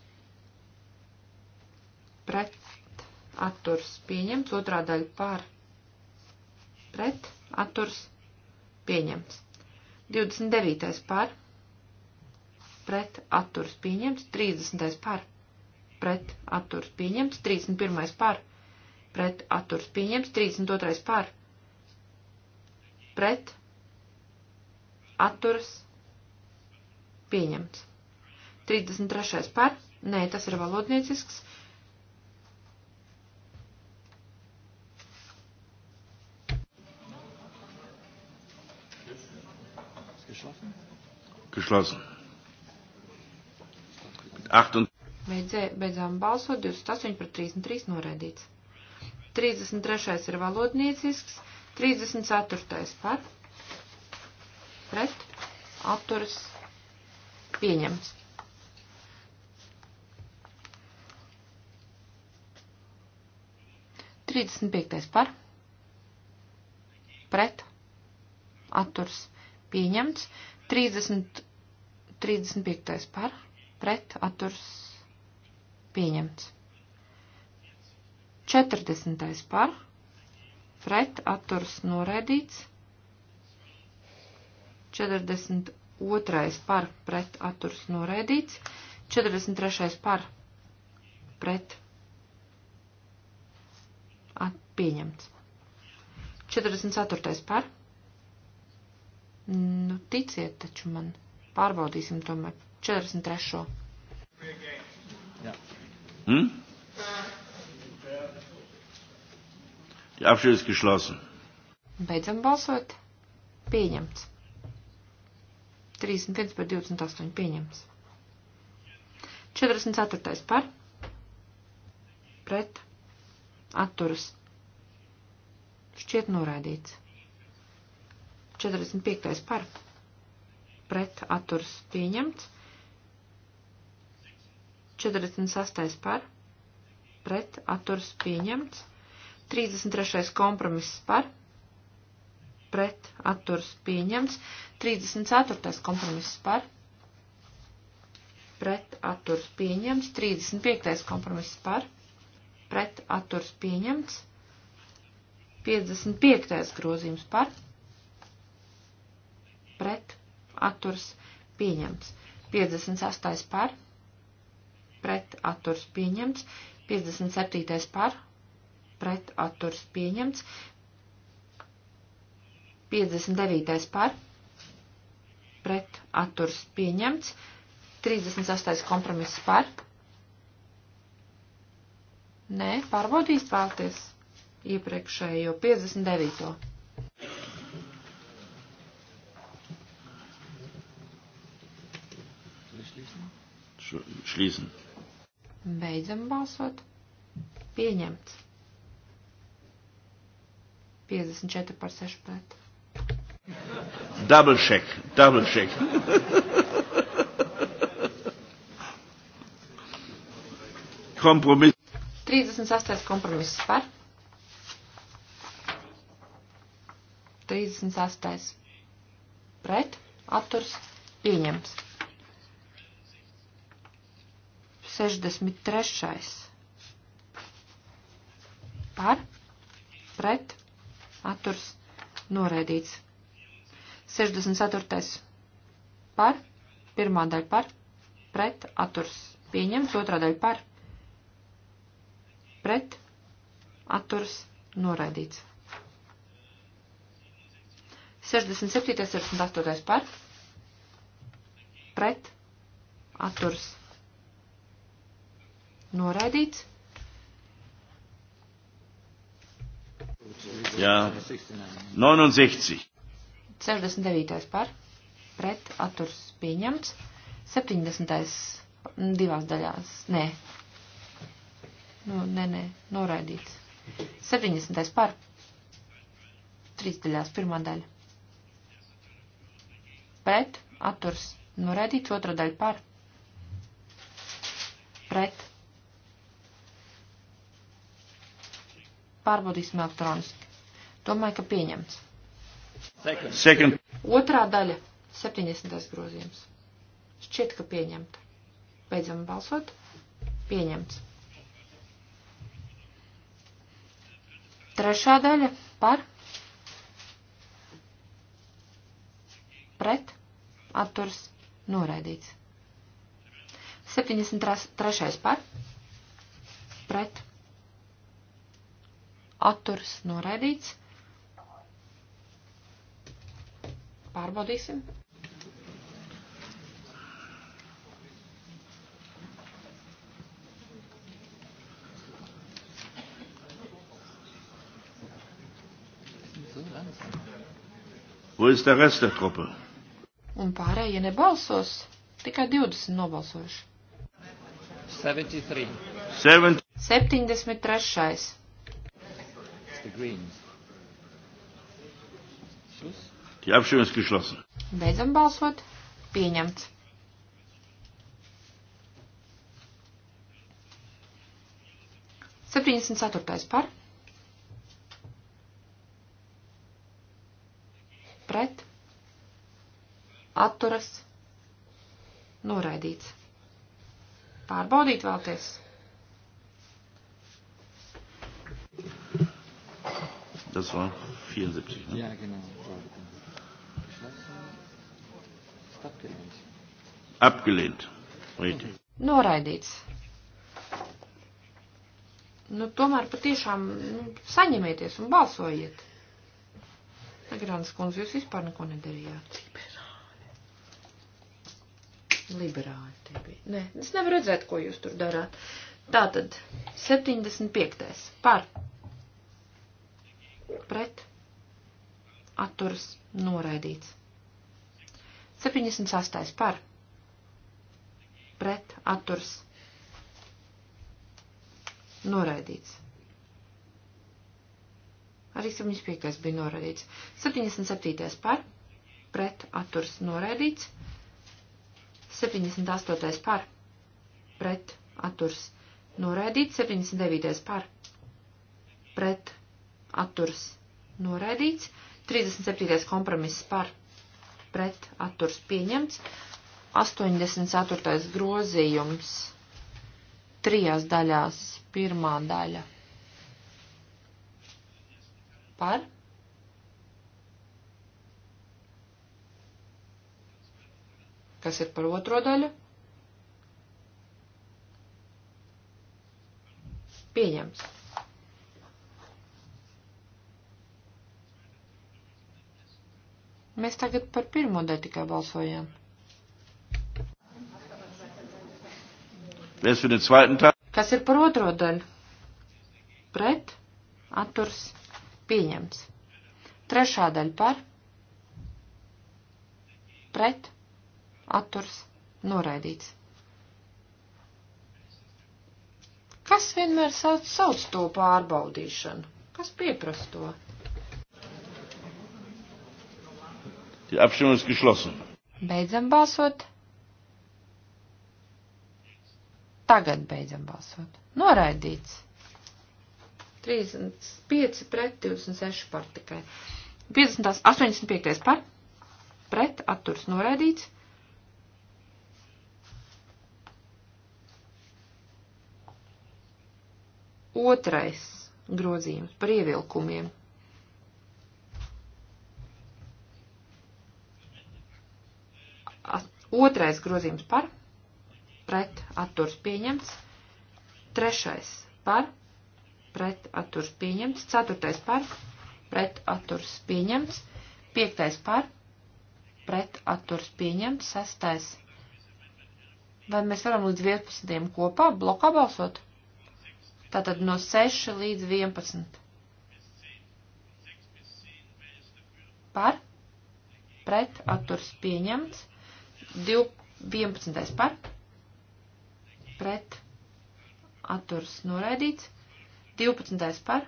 Speaker 3: atturs pieņemts, otrā daļa par pret atturs pieņemts. 29. par pret atturs pieņemts, 30. par pret atturs pieņemts, 31. par pret atturs pieņemts, 32. par pret atturs pieņemts. 33. par, nē, tas ir valodniecisks, geschlossen. Beidzē, beidzām balsot 28 par 33 noraidīts. 33. ir valodniecisks, 34. par, pret, apturas, pieņemts. Trīsdesmit piektais par, pret, atturs, pieņemts, trīsdesmit 35. par, pret, atturs, pieņemts. 40. par, pret, atturs, noraidīts. 42. par, pret, atturs, noraidīts. 43. par, pret, at, pieņemts. 44. par. Nu, ticiet taču man. Pārbaudīsim tomēr 43.
Speaker 1: Hmm? Die Abstimmung ist geschlossen.
Speaker 3: Beidzam balsot. Pieņemts. 31 par 28 pieņemts. 44. par. Pret. Atturas. Šķiet noraidīts. 45. par pret atturs pieņemts. 46. par pret atturs pieņemts. 33. kompromiss par pret atturs pieņemts. 34. kompromiss par pret atturs pieņemts. 35. kompromiss par pret atturs pieņemts. 55. grozījums par pret atturs pieņemts. 58. par, pret atturs pieņemts. 57. par, pret atturs pieņemts. 59. par, pret atturs pieņemts. 38. kompromiss par. Nē, pārbaudīs vēlties iepriekšējo 59. schließen. Beidzam balsot. Pieņemts. 54 par 6 pret.
Speaker 1: Double check, double check. Kompromiss.
Speaker 3: 38. kompromiss par. 38. pret. Atturs pieņemts. 63. Par, pret, atturs, noraidīts. 64. Par, pirmā daļa par, pret, atturs, pieņemts, otrā daļa par, pret, atturs, noraidīts. 67. 68. par, pret, atturs, Noraidīts.
Speaker 1: Jā, 69.
Speaker 3: 69. par, pret, atturs pieņemts. 70. divās daļās, nē. Nu, nē, nē, noraidīts. 70. par, trīs daļās, pirmā daļa. Pret, atturs, noraidīts, otra daļa par. Pret, Pārbaudīsim elektroniski. Domāju, ka pieņemts.
Speaker 1: Second. Second.
Speaker 3: Otrā daļa - 70. grozījums. Šķiet, ka pieņemta. Beidzam balsot. Pieņemts. Trešā daļa par pret atturs noraidīts. 73. par pret atturs noraidīts. Pārbaudīsim.
Speaker 1: Wo ist der Rest der Truppe?
Speaker 3: Un pārējie nebalsos, tikai 20 nobalsojuši. 73. 73
Speaker 2: the Greens.
Speaker 1: Schluss. Die Abstimmung ist geschlossen.
Speaker 3: Beidzam balsot. Pieņemts. Septiņdesmit ceturtais par. Pret. Atturas. Noraidīts. Pārbaudīt vēlties.
Speaker 1: das war 74, ne? Ja, genau. Abgelehnt. Richtig.
Speaker 3: Noraidīts. Nu, tomēr patiešām nu, saņemieties un balsojiet. Agrānas kundze, jūs vispār neko nedarījāt. Liberāli. Liberāli tie bija. Nē, es nevaru redzēt, ko jūs tur darāt. Tātad, 75. par pret, atturas, noraidīts. 78. par, pret, atturas, noraidīts. Arī 75. bija noraidīts. 77. par, pret, atturas, noraidīts. 78. par, pret, atturas, noraidīts. 79. par, pret, atturas, noraidīts, 37. kompromiss par pret atturs pieņemts, 84. grozījums trijās daļās, pirmā daļa par kas ir par otro daļu. Pieņems. Mēs tagad par pirmo daļu tikai balsojām. Kas ir par otro daļu? Pret, atturs, pieņemts. Trešā daļa par, pret, atturs, noraidīts. Kas vienmēr sauc, sauc to pārbaudīšanu? Kas pieprasto? to?
Speaker 1: Die Abstimmung ist geschlossen.
Speaker 3: Beidzam balsot. Tagad beidzam balsot. Noraidīts. 35 pret, 26 par tikai. 50, 85 par, pret, atturs noraidīts. Otrais grozījums par ievilkumiem. Otrais grozījums par, pret atturs pieņemts. Trešais par, pret atturs pieņemts. Ceturtais par, pret atturs pieņemts. Piektais par, pret atturs pieņemts. Sestais. Vai mēs varam līdz 11. kopā blokā balsot? Tātad no 6 līdz 11. Par, pret atturs pieņemts. 11. par, pret, atturs noraidīts, 12. par,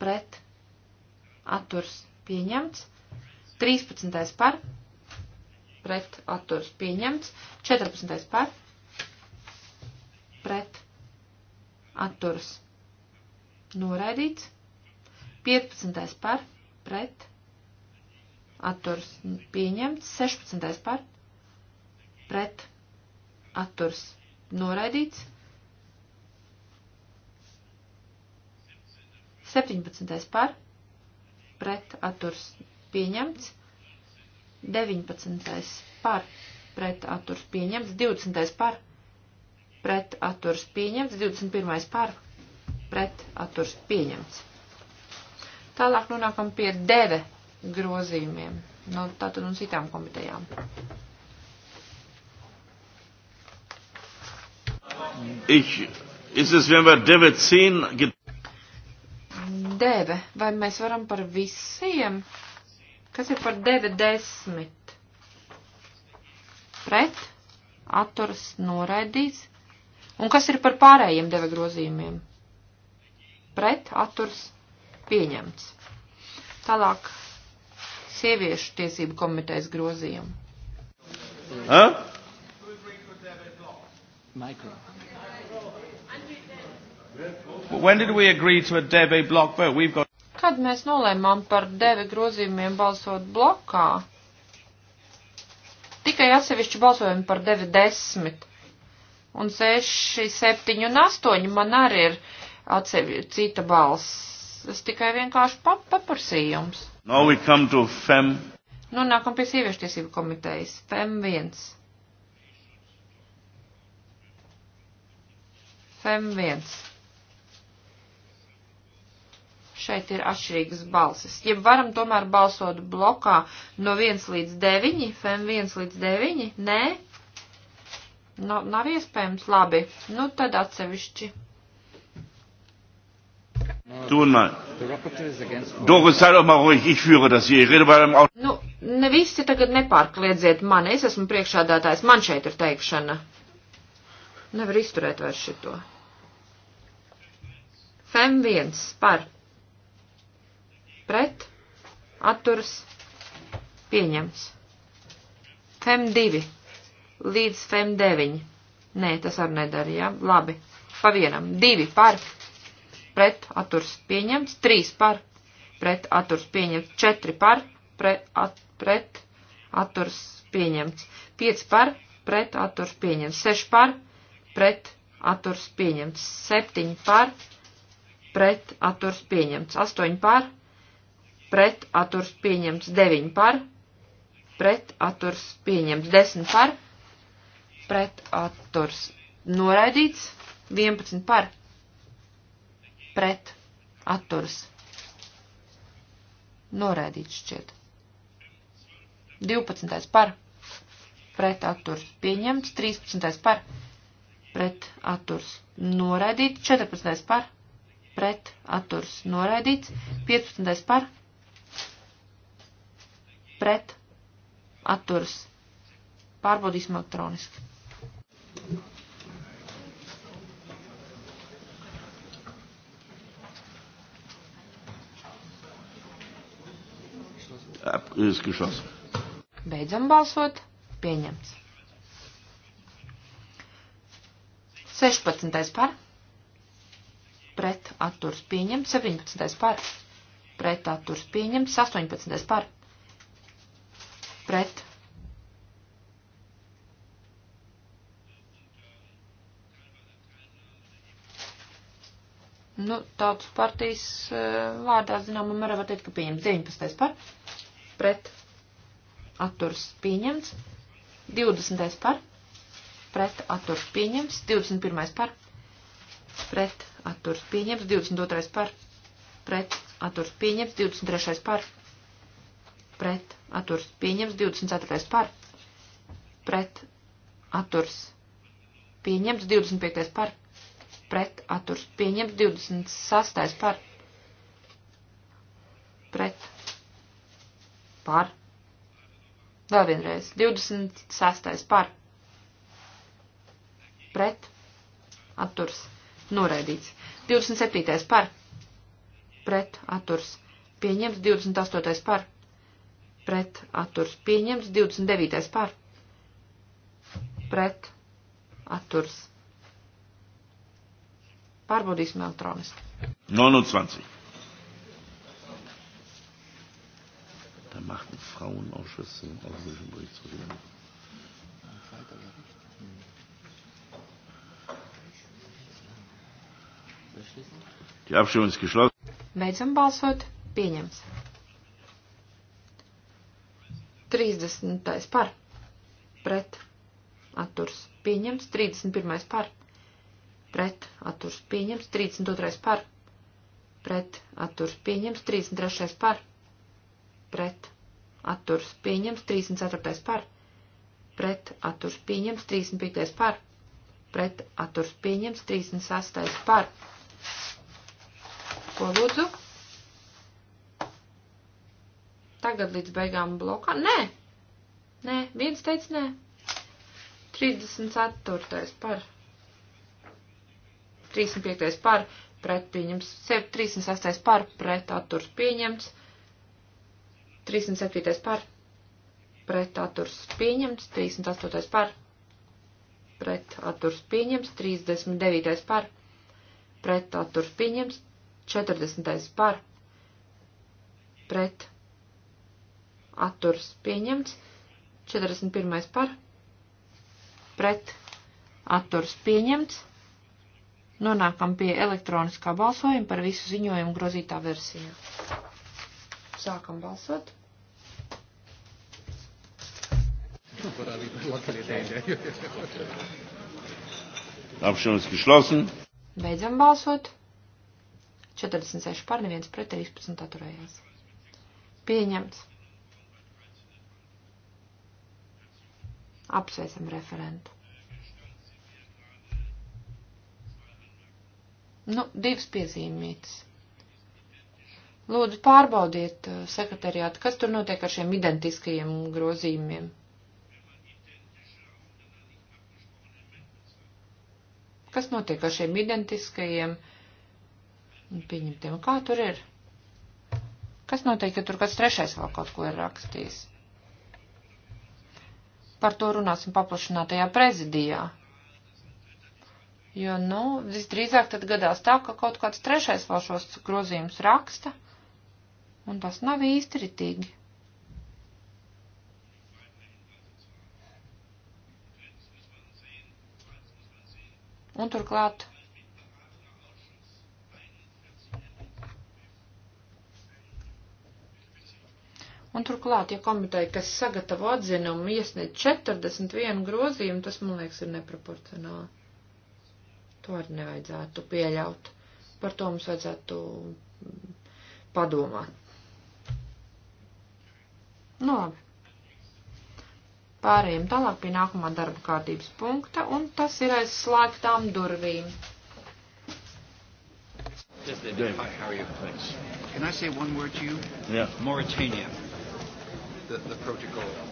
Speaker 3: pret, atturs pieņemts, 13. par, pret, atturs pieņemts, 14. par, pret, atturs noraidīts, 15. par, pret, atturs pieņemts, 16. par, pret, atturs noraidīts, 17. par, pret, atturs pieņemts, 19. par, pret, atturs pieņemts, 20. par, pret, atturs pieņemts, 21. par, pret, atturs pieņemts. Tālāk nonākam pie 9 grozījumiem, no tātad un citām komitejām.
Speaker 1: Ich, ist es, wenn wir Deve 10
Speaker 3: Deve, vai mēs varam par visiem? Kas ir par Deve 10? Pret, atturas, noraidīts. Un kas ir par pārējiem Deve grozījumiem? Pret, atturas, pieņemts. Tālāk sieviešu tiesību komitejas grozījumu.
Speaker 1: Ha? Micro. When did we agree to a DB block vote? We've got
Speaker 3: Kad mēs nolēmām par DB grozījumiem balsot blokā? Tikai atsevišķi balsojumi par 9, 10 un 6, 7 un 8 man arī ir atsevišķi cita balss. Tas tikai vienkārši pap paprasījums.
Speaker 1: Now we come to FEM.
Speaker 3: Nu, nākam pie sieviešu tiesību komitejas. FEM 1. FEM 1. Šeit ir atšķirīgas balsis. Ja varam tomēr balsot blokā no 1 līdz 9, FEM 1 līdz 9, nē? Nu, nav iespējams, labi. Nu, tad atsevišķi. Tun mal. Doris,
Speaker 1: sei doch mal ruhig, ich führe das hier. Ich rede bei einem Auto. Nu,
Speaker 3: ne visi tagad nepārkliedziet mani. Es esmu priekšādātājs. Man šeit ir teikšana. Nevar izturēt vairs šito. Fem viens par. Pret. Atturs. Pieņems. Fem divi. Līdz fem deviņi. Nē, tas arī nedara, jā. Ja? Labi. Pa vienam. Divi par pret atturs pieņemts, 3 par pret atturs pieņemts, 4 par pret, at, pret atturs pieņemts, 5 par pret atturs pieņemts, 6 par pret atturs pieņemts, 7 par pret atturs pieņemts, 8 par pret atturs pieņemts, 9 par pret atturs pieņemts, 10 par pret atturs noraidīts, 11 par pret, atturas, noraidīts šķiet. 12. par, pret, atturas, pieņemts, 13. par, pret, atturas, noraidīts, 14. par, pret, atturas, noraidīts, 15. par, pret, atturas, pārbaudīsim elektroniski.
Speaker 1: ist geschlossen.
Speaker 3: Beidzam balsot. Pieņemts. 16. par. Pret atturs pieņem. 17. par. Pret atturs pieņem. 18. par. Pret. Nu, tautas partijas eh, vārdā, zinām, man var teikt, ka pieņem 19. par pret atturs pieņemts, 20. par pret atturs pieņemts, 21. par pret atturs pieņemts, 22. par pret atturs pieņemts, 23. par pret atturs pieņemts, 24. par pret atturs pieņemts, 25. par pret atturs pieņemts, 26. par pret par. Vēl vienreiz. 26. par. Pret. Atturs. Noraidīts. 27. par. Pret. Atturs. Pieņems. 28. par. Pret. Atturs. Pieņems. 29. par. Pret. Atturs. Pārbaudīsim elektroniski.
Speaker 1: 29. am 8. Frauenausschuss zum ausländischen Bericht zu reden. Die Abstimmung ist geschlossen.
Speaker 3: Beidzam balsot. Pieņems. 30. par. Pret. Atturs. Pieņems. 31. par. Pret. Atturs. Pieņems. 32. par. Pret. Atturs. Pieņems. 33. par. Pret atturs pieņems 34. par, pret atturs pieņems 35. par, pret atturs pieņems 36. par. Ko lūdzu? Tagad līdz beigām blokā? Nē! Nē, viens teica nē. 34. par. 35. par, pret pieņems, 36. par, pret atturs pieņems 307. par pret atturs pieņemts, 308. par pret atturs pieņemts, 39. par pret atturs pieņemts, 40. par pret atturs pieņemts, 41. par pret atturs pieņemts. Nonākam pie elektroniskā balsojuma par visu ziņojumu grozītā versijā. Sākam balsot.
Speaker 1: Apšanas geschlossen.
Speaker 3: Beidzam balsot. 46 par, neviens pret 13 atturējās. Pieņemts. Apsveicam referentu. Nu, divas piezīmītas. Lūdzu, pārbaudiet eh, sekretariātu, kas tur notiek ar šiem identiskajiem grozījumiem. Kas notiek ar šiem identiskajiem pieņemtiem? Kā tur ir? Kas notiek, ja tur kāds trešais vēl kaut ko ir rakstījis? Par to runāsim paplašinātajā prezidijā. Jo, nu, visdrīzāk tad gadās tā, ka kaut kāds trešais vēl šos grozījumus raksta, un tas nav īsti ritīgi. Un turklāt Un turklāt, ja komiteja, kas sagatavo atzinumu, iesniedz 41 grozījumu, tas, man liekas, ir neproporcionāli. To arī nevajadzētu pieļaut. Par to mums vajadzētu padomāt. Nu, labi. Pārējiem tālāk pie nākamā darba kārtības punkta, un tas ir aiz slēgtām durvīm.
Speaker 1: Yes, David. Hi, how are you? Thanks.
Speaker 3: Can I say one word to you?
Speaker 1: Yeah. Mauritania,
Speaker 3: the, the protocol.